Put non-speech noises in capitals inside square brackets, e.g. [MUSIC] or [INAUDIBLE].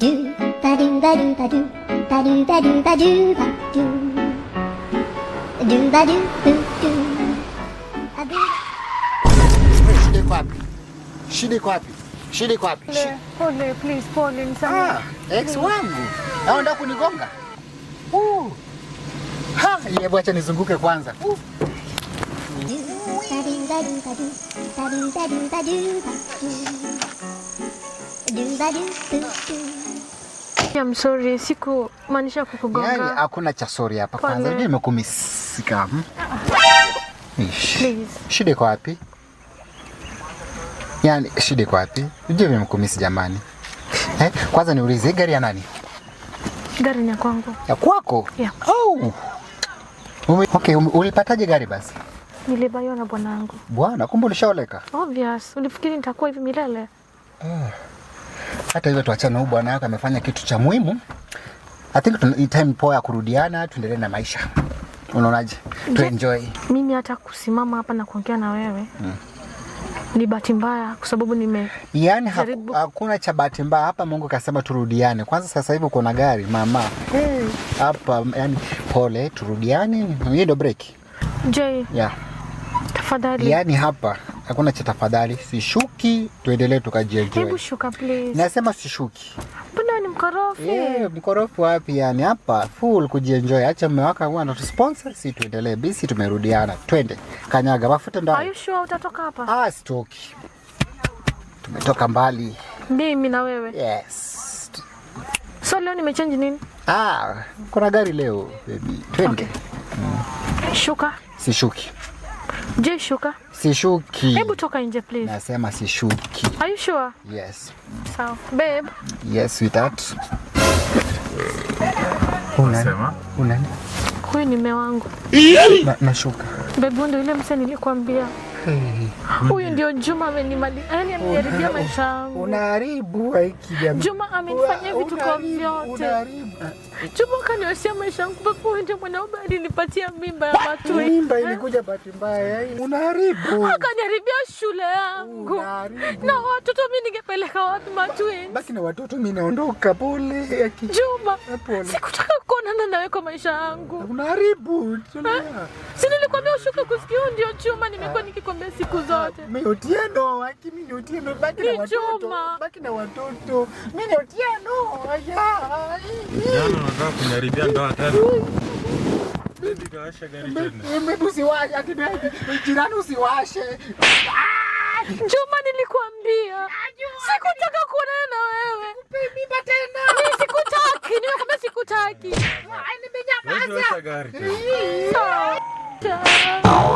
Du badou badou badou badou badou badou badou du badou badou badou shida iko wapi? Shida iko wapi? Shida iko wapi? Pole please, pole msamaha. Ah, ex wangu anaenda kunigonga. Uh. Ha, hebu acha nizunguke kwanza. Uh. Badou badou badou badou badou badou I'm sorry, siku maanisha kukugonga. Yaani hakuna cha sorry hapa kwanza. Unajua nimekumisika. Hmm? Shida iko wapi? Yaani shida iko wapi? Unajua nimekumisi jamani. [LAUGHS] Eh, kwanza niulize gari ya nani? Gari ni ya kwangu. Ya kwako? Yeah. Oh. Ume, okay, um, ulipataje gari basi? Nilibaiwa na bwanangu. Bwana, kumbe ulishaoleka? Obvious. Ulifikiri nitakuwa hivi milele? Ah hata hivyo tuachane huyu bwana yako amefanya kitu cha muhimu. I think time poa ya kurudiana, tuendelee na maisha. Unaonaje? Tu enjoy. Mimi hata kusimama hapa na kuongea na wewe mm. Ni bahati mbaya kwa sababu nime yani haku, hakuna cha bahati mbaya hapa. Mungu kasema turudiane kwanza. Sasa hivi uko na gari mama hapa hey. Yani pole, turudiane, hiyo ndio break. Je, yeah. Tafadhali. Yani hapa hakuna cha tafadhali, sishuki, tuendelee tukajienjoy. Hebu shuka please. Nasema sishuki. Mbona ni mkorofi? Eh, mkorofi wapi yani hapa full kujienjoy. Acha mume wako huwa anatusponsor, si tuendelee bisi tumerudiana. Twende. Kanyaga mafuta ndani. Are you sure utatoka hapa? Ah, sitoki. Tumetoka mbali. Mimi na wewe. Yes. So leo nimechange nini? Ah, kuna gari leo baby. Twende. Okay. Mm. Shuka. Sishuki. Je, shuka. Sishuki. Hebu toka nje please. Nasema sishuki. Are you sure? Yes. Sawa. Babe. Yes, sweetheart. Unasema? Unani? Huyu ni mume wangu. Nashuka. Babe, ndio yule mse nilikwambia. Huyu ndio Juma yaani amejaribia maisha yangu. Unaharibu kijamii. Juma amenifanyia vitu kwa vyote. Juma kanioshia maisha yangu papo ndio mwanaume alinipatia mimba ya watu. Mimba eh? ilikuja bahati mbaya. Yaani unaharibu. Akaniharibia shule yangu. Na watoto mimi ningepeleka wapi matwins? Basi na watoto mimi naondoka pole. ya Juma. Sikutaka kuonana nawe kwa maisha yangu. Unaharibu. Si nilikwambia ushuke kusikia ndio chuma nimekuwa eh. nikikwambia siku zote. Mimi Otieno, haki mimi Otieno baki na watoto. Baki na watoto. Mimi Otieno. Haya. Jana nataka kuniharibia ndoa tena. Bibi kaasha gari tena. Mimi usiwashe akina jirani usiwashe. Chuma ah, nilikwambia. Ah, Sikutaka kuonana na wewe. Mimi tena. Mimi sikutaki. Nimekwambia sikutaki. Nimenyamaza. 他。[LAUGHS]